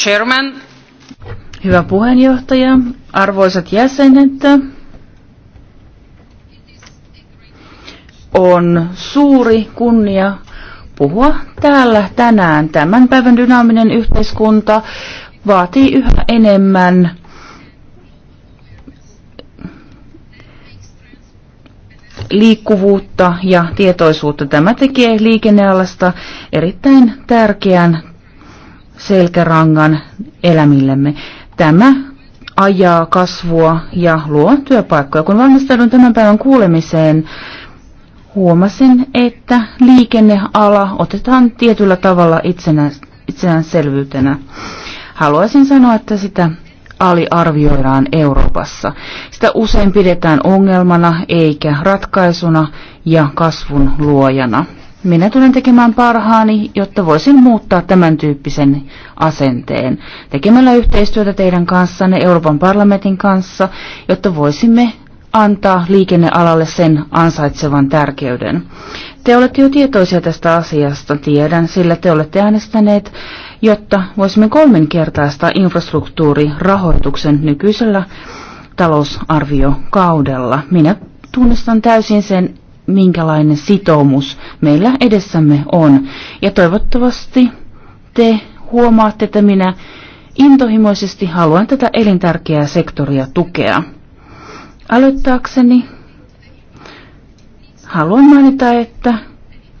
Chairman. Hyvä puheenjohtaja, arvoisat jäsenet, on suuri kunnia puhua täällä tänään. Tämän päivän dynaaminen yhteiskunta vaatii yhä enemmän liikkuvuutta ja tietoisuutta. Tämä tekee liikennealasta erittäin tärkeän selkärangan elämillemme. Tämä ajaa kasvua ja luo työpaikkoja. Kun valmistaudun tämän päivän kuulemiseen, huomasin, että liikenneala otetaan tietyllä tavalla itsenä, itsenäänselvyytenä. Haluaisin sanoa, että sitä aliarvioidaan Euroopassa. Sitä usein pidetään ongelmana eikä ratkaisuna ja kasvun luojana. Minä tulen tekemään parhaani, jotta voisin muuttaa tämän tyyppisen asenteen. Tekemällä yhteistyötä teidän kanssanne, Euroopan parlamentin kanssa, jotta voisimme antaa liikennealalle sen ansaitsevan tärkeyden. Te olette jo tietoisia tästä asiasta, tiedän, sillä te olette äänestäneet, jotta voisimme kolminkertaistaa infrastruktuurirahoituksen nykyisellä talousarviokaudella. Minä tunnistan täysin sen minkälainen sitoumus meillä edessämme on. Ja toivottavasti te huomaatte, että minä intohimoisesti haluan tätä elintärkeää sektoria tukea. Aloittaakseni haluan mainita, että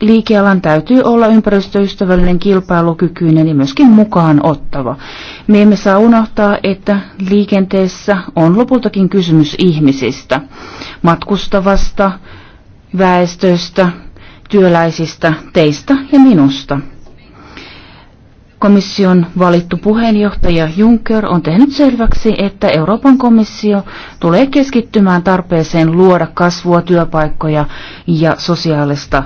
liikealan täytyy olla ympäristöystävällinen, kilpailukykyinen ja myöskin mukaan ottava. Me emme saa unohtaa, että liikenteessä on lopultakin kysymys ihmisistä, matkustavasta, väestöstä, työläisistä, teistä ja minusta. Komission valittu puheenjohtaja Juncker on tehnyt selväksi, että Euroopan komissio tulee keskittymään tarpeeseen luoda kasvua, työpaikkoja ja sosiaalista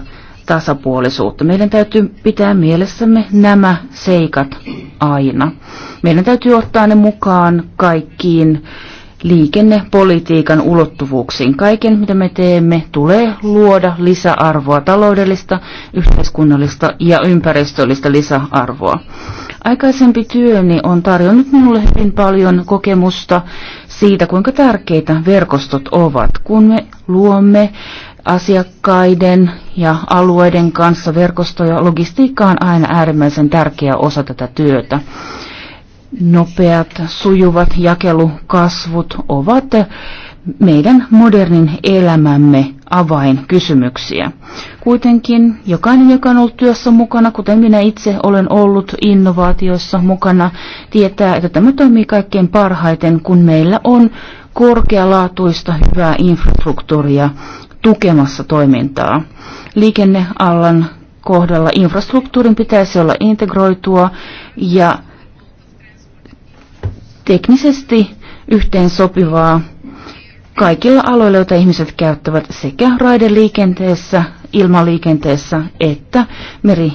tasapuolisuutta. Meidän täytyy pitää mielessämme nämä seikat aina. Meidän täytyy ottaa ne mukaan kaikkiin liikennepolitiikan ulottuvuuksiin. Kaiken, mitä me teemme, tulee luoda lisäarvoa taloudellista, yhteiskunnallista ja ympäristöllistä lisäarvoa. Aikaisempi työni on tarjonnut minulle hyvin paljon kokemusta siitä, kuinka tärkeitä verkostot ovat, kun me luomme asiakkaiden ja alueiden kanssa verkostoja. Logistiikka on aina äärimmäisen tärkeä osa tätä työtä nopeat, sujuvat jakelukasvut ovat meidän modernin elämämme avainkysymyksiä. Kuitenkin jokainen, joka on ollut työssä mukana, kuten minä itse olen ollut innovaatioissa mukana, tietää, että tämä toimii kaikkein parhaiten, kun meillä on korkealaatuista hyvää infrastruktuuria tukemassa toimintaa. Liikennealan kohdalla infrastruktuurin pitäisi olla integroitua ja teknisesti yhteen sopivaa kaikilla aloilla, joita ihmiset käyttävät sekä raideliikenteessä, ilmaliikenteessä että meri-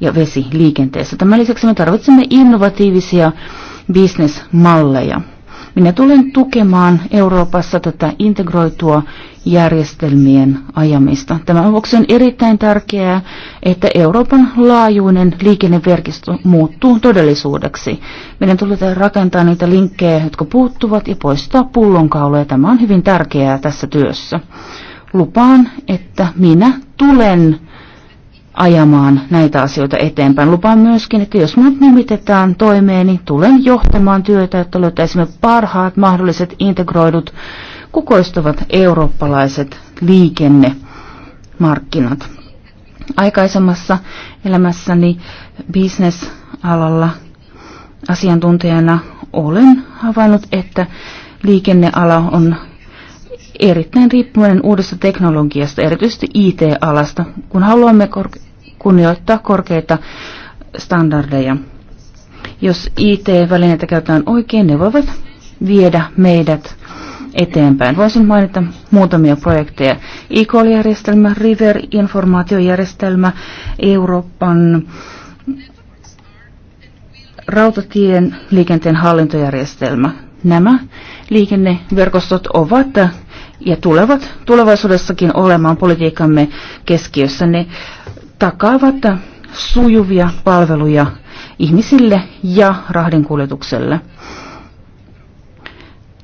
ja vesiliikenteessä. Tämän lisäksi me tarvitsemme innovatiivisia bisnesmalleja. Minä tulen tukemaan Euroopassa tätä integroitua järjestelmien ajamista. Tämän vuoksi on erittäin tärkeää, että Euroopan laajuinen liikenneverkisto muuttuu todellisuudeksi. Meidän tulee rakentaa niitä linkkejä, jotka puuttuvat ja poistaa pullonkauloja. Tämä on hyvin tärkeää tässä työssä. Lupaan, että minä tulen ajamaan näitä asioita eteenpäin. Lupaan myöskin, että jos minut nimitetään toimeen, niin tulen johtamaan työtä, että löytäisimme parhaat mahdolliset integroidut kukoistuvat eurooppalaiset liikennemarkkinat. Aikaisemmassa elämässäni bisnesalalla asiantuntijana olen havainnut, että liikenneala on erittäin riippuvainen uudesta teknologiasta, erityisesti IT-alasta. Kun haluamme kunnioittaa korkeita standardeja. Jos IT-välineitä käytetään oikein, ne voivat viedä meidät eteenpäin. Voisin mainita muutamia projekteja. ICOL-järjestelmä, River-informaatiojärjestelmä, Euroopan rautatien liikenteen hallintojärjestelmä. Nämä liikenneverkostot ovat ja tulevat tulevaisuudessakin olemaan politiikkamme keskiössä. Ne takaavat sujuvia palveluja ihmisille ja rahdinkuljetukselle.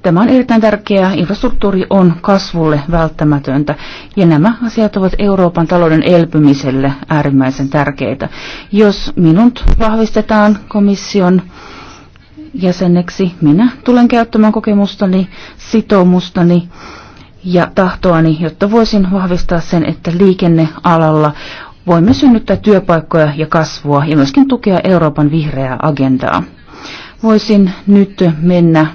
Tämä on erittäin tärkeää. Infrastruktuuri on kasvulle välttämätöntä ja nämä asiat ovat Euroopan talouden elpymiselle äärimmäisen tärkeitä. Jos minut vahvistetaan komission jäseneksi, minä tulen käyttämään kokemustani, sitoumustani ja tahtoani, jotta voisin vahvistaa sen, että liikennealalla voimme synnyttää työpaikkoja ja kasvua ja myöskin tukea Euroopan vihreää agendaa. Voisin nyt mennä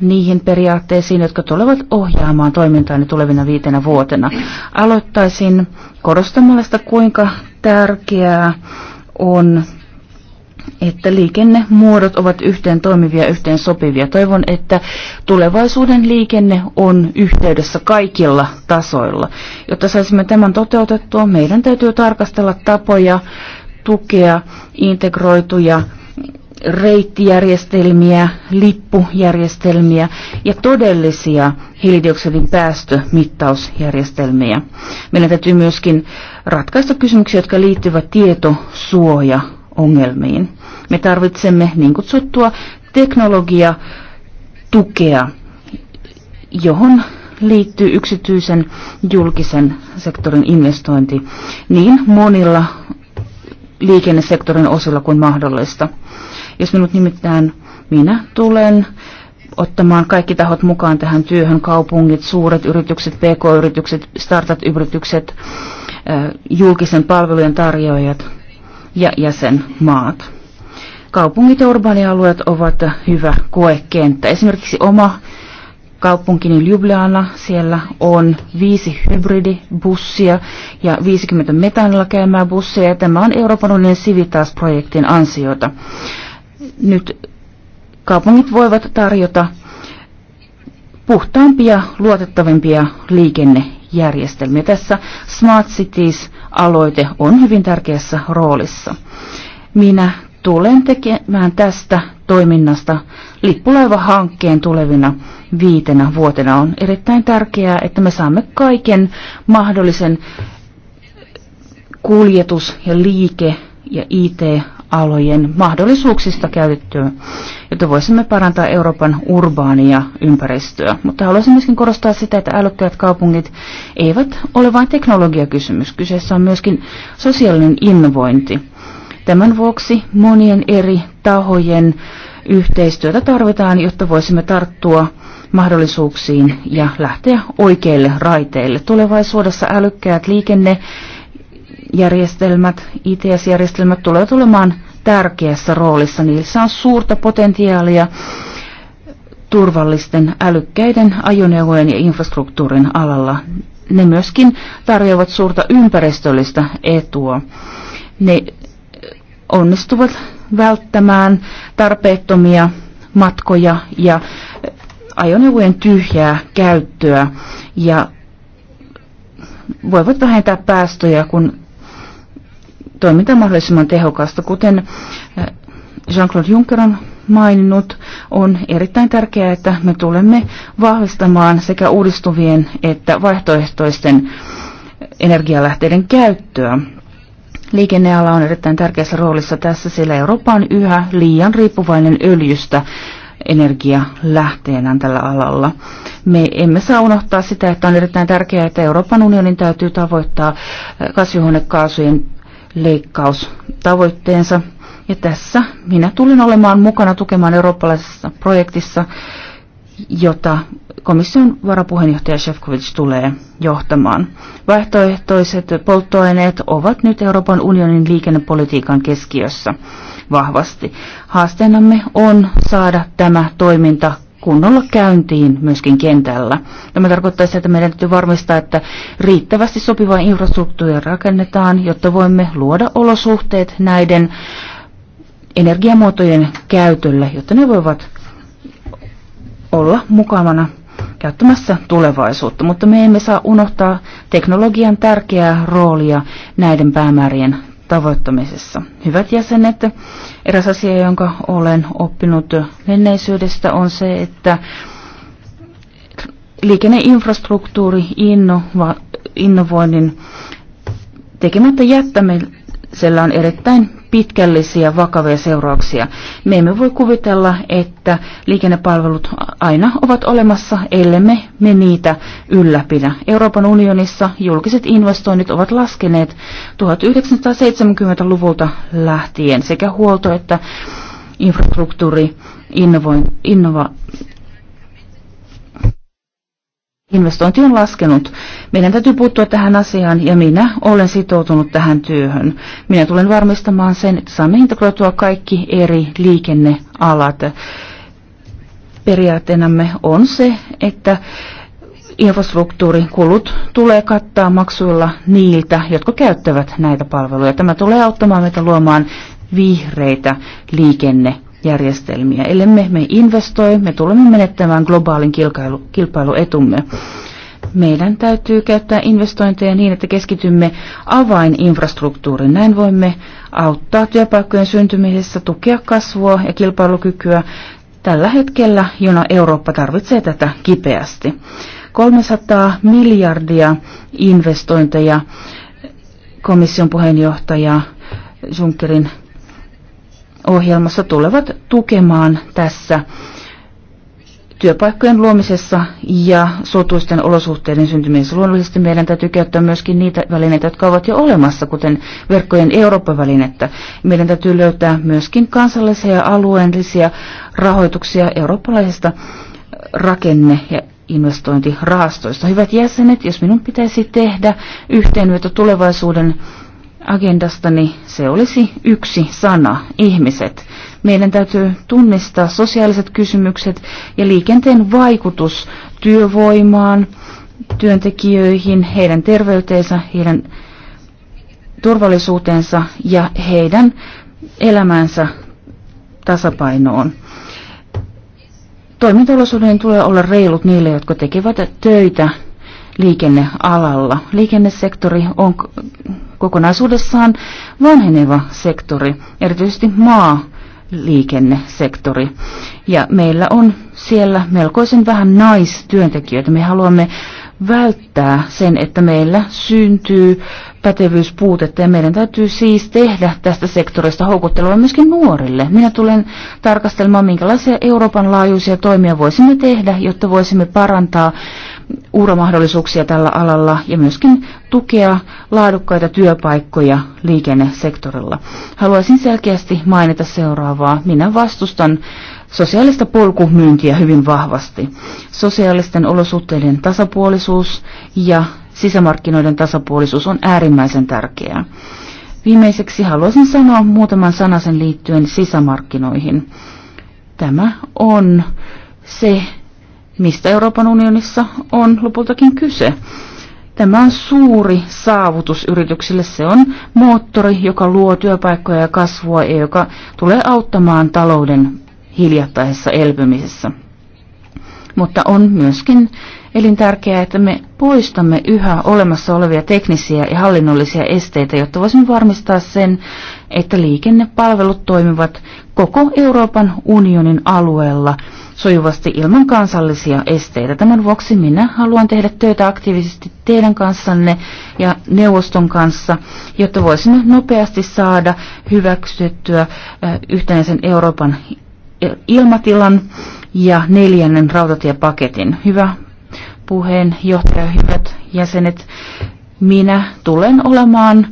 niihin periaatteisiin, jotka tulevat ohjaamaan toimintaani tulevina viitenä vuotena. Aloittaisin korostamalla sitä, kuinka tärkeää on että liikennemuodot ovat yhteen toimivia, yhteen sopivia. Toivon, että tulevaisuuden liikenne on yhteydessä kaikilla tasoilla. Jotta saisimme tämän toteutettua, meidän täytyy tarkastella tapoja tukea integroituja reittijärjestelmiä, lippujärjestelmiä ja todellisia hiilidioksidin päästömittausjärjestelmiä. Meidän täytyy myöskin ratkaista kysymyksiä, jotka liittyvät tietosuoja ongelmiin. Me tarvitsemme niin kutsuttua teknologia tukea, johon liittyy yksityisen julkisen sektorin investointi niin monilla liikennesektorin osilla kuin mahdollista. Jos minut nimittäin minä tulen ottamaan kaikki tahot mukaan tähän työhön, kaupungit, suuret yritykset, pk-yritykset, startup-yritykset, julkisen palvelujen tarjoajat, ja jäsenmaat. Kaupungit ja urbaanialueet ovat hyvä koekenttä. Esimerkiksi oma kaupunkini Ljubljana, siellä on viisi hybridibussia ja 50 metanilla käymää busseja. Tämä on Euroopan unionin Civitas-projektin ansiota. Nyt kaupungit voivat tarjota puhtaampia, luotettavimpia liikenne- järjestelmiä. Tässä Smart Cities-aloite on hyvin tärkeässä roolissa. Minä tulen tekemään tästä toiminnasta lippulaivahankkeen tulevina viitenä vuotena. On erittäin tärkeää, että me saamme kaiken mahdollisen kuljetus- ja liike- ja IT alojen mahdollisuuksista käytettyä, jotta voisimme parantaa Euroopan urbaania ympäristöä. Mutta haluaisin myöskin korostaa sitä, että älykkäät kaupungit eivät ole vain teknologiakysymys. Kyseessä on myöskin sosiaalinen innovointi. Tämän vuoksi monien eri tahojen yhteistyötä tarvitaan, jotta voisimme tarttua mahdollisuuksiin ja lähteä oikeille raiteille. Tulevaisuudessa älykkäät liikenne- järjestelmät, ITS-järjestelmät tulee olemaan tärkeässä roolissa. Niissä on suurta potentiaalia turvallisten älykkäiden ajoneuvojen ja infrastruktuurin alalla. Ne myöskin tarjoavat suurta ympäristöllistä etua. Ne onnistuvat välttämään tarpeettomia matkoja ja ajoneuvojen tyhjää käyttöä ja voivat vähentää päästöjä, kun toiminta mahdollisimman tehokasta. Kuten eh, Jean-Claude Juncker on maininnut, on erittäin tärkeää, että me tulemme vahvistamaan sekä uudistuvien että vaihtoehtoisten energialähteiden käyttöä. Liikenneala on erittäin tärkeässä roolissa tässä, sillä Eurooppa on yhä liian riippuvainen öljystä energialähteenä tällä alalla. Me emme saa unohtaa sitä, että on erittäin tärkeää, että Euroopan unionin täytyy tavoittaa eh, kasvihuonekaasujen leikkaustavoitteensa. Ja tässä minä tulin olemaan mukana tukemaan eurooppalaisessa projektissa, jota komission varapuheenjohtaja Shevkovic tulee johtamaan. Vaihtoehtoiset polttoaineet ovat nyt Euroopan unionin liikennepolitiikan keskiössä vahvasti. Haasteenamme on saada tämä toiminta kunnolla käyntiin myöskin kentällä. Tämä tarkoittaa sitä, että meidän täytyy varmistaa, että riittävästi sopivaa infrastruktuuria rakennetaan, jotta voimme luoda olosuhteet näiden energiamuotojen käytölle, jotta ne voivat olla mukana käyttämässä tulevaisuutta, mutta me emme saa unohtaa teknologian tärkeää roolia näiden päämäärien tavoittamisessa. Hyvät jäsenet, eräs asia, jonka olen oppinut menneisyydestä, on se, että liikenneinfrastruktuuri innovoinnin tekemättä jättämisellä on erittäin pitkällisiä vakavia seurauksia. Me emme voi kuvitella, että liikennepalvelut aina ovat olemassa, ellemme me niitä ylläpidä. Euroopan unionissa julkiset investoinnit ovat laskeneet 1970-luvulta lähtien sekä huolto että infrastruktuuri, innova, innova, investointi on laskenut. Meidän täytyy puuttua tähän asiaan ja minä olen sitoutunut tähän työhön. Minä tulen varmistamaan sen, että saamme integroitua kaikki eri liikennealat. Periaatteenamme on se, että infrastruktuurikulut tulee kattaa maksuilla niiltä, jotka käyttävät näitä palveluja. Tämä tulee auttamaan meitä luomaan vihreitä liikenne järjestelmiä. Ellemme me investoi, me tulemme menettämään globaalin kilpailu, kilpailuetumme. Meidän täytyy käyttää investointeja niin, että keskitymme avaininfrastruktuuriin. Näin voimme auttaa työpaikkojen syntymisessä, tukea kasvua ja kilpailukykyä tällä hetkellä, jona Eurooppa tarvitsee tätä kipeästi. 300 miljardia investointeja komission puheenjohtaja Junckerin ohjelmassa tulevat tukemaan tässä työpaikkojen luomisessa ja suotuisten olosuhteiden syntymisessä. Luonnollisesti meidän täytyy käyttää myöskin niitä välineitä, jotka ovat jo olemassa, kuten verkkojen Eurooppa-välinettä. Meidän täytyy löytää myöskin kansallisia ja alueellisia rahoituksia eurooppalaisista rakenne- ja investointirahastoista. Hyvät jäsenet, jos minun pitäisi tehdä yhteenveto tulevaisuuden agendastani se olisi yksi sana, ihmiset. Meidän täytyy tunnistaa sosiaaliset kysymykset ja liikenteen vaikutus työvoimaan, työntekijöihin, heidän terveyteensä, heidän turvallisuutensa ja heidän elämänsä tasapainoon. Toimintalaisuuden tulee olla reilut niille, jotka tekevät töitä liikennealalla. Liikennesektori on kokonaisuudessaan vanheneva sektori, erityisesti maa liikennesektori. Ja meillä on siellä melkoisen vähän naistyöntekijöitä. Me haluamme välttää sen, että meillä syntyy pätevyyspuutetta ja meidän täytyy siis tehdä tästä sektorista houkuttelua myöskin nuorille. Minä tulen tarkastelemaan, minkälaisia Euroopan laajuisia toimia voisimme tehdä, jotta voisimme parantaa uuramahdollisuuksia tällä alalla ja myöskin tukea laadukkaita työpaikkoja liikennesektorilla. Haluaisin selkeästi mainita seuraavaa. Minä vastustan sosiaalista polkumyyntiä hyvin vahvasti. Sosiaalisten olosuhteiden tasapuolisuus ja sisämarkkinoiden tasapuolisuus on äärimmäisen tärkeää. Viimeiseksi haluaisin sanoa muutaman sanasen liittyen sisämarkkinoihin. Tämä on se mistä Euroopan unionissa on lopultakin kyse. Tämä on suuri saavutus yrityksille. Se on moottori, joka luo työpaikkoja ja kasvua ja joka tulee auttamaan talouden hiljattaisessa elpymisessä mutta on myöskin elintärkeää, että me poistamme yhä olemassa olevia teknisiä ja hallinnollisia esteitä, jotta voisimme varmistaa sen, että liikennepalvelut toimivat koko Euroopan unionin alueella sujuvasti ilman kansallisia esteitä. Tämän vuoksi minä haluan tehdä töitä aktiivisesti teidän kanssanne ja neuvoston kanssa, jotta voisimme nopeasti saada hyväksyttyä yhtenäisen Euroopan ilmatilan ja neljännen rautatiepaketin. Hyvä puheenjohtaja, hyvät jäsenet, minä tulen olemaan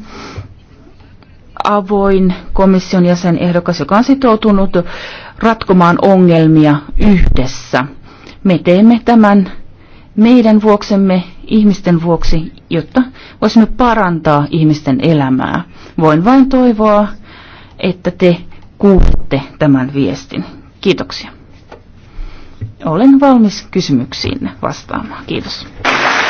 avoin komission jäsen ehdokas joka on sitoutunut ratkomaan ongelmia yhdessä. Me teemme tämän meidän vuoksemme, ihmisten vuoksi, jotta voisimme parantaa ihmisten elämää. Voin vain toivoa, että te kuulette tämän viestin. Kiitoksia olen valmis kysymyksiin vastaamaan. Kiitos.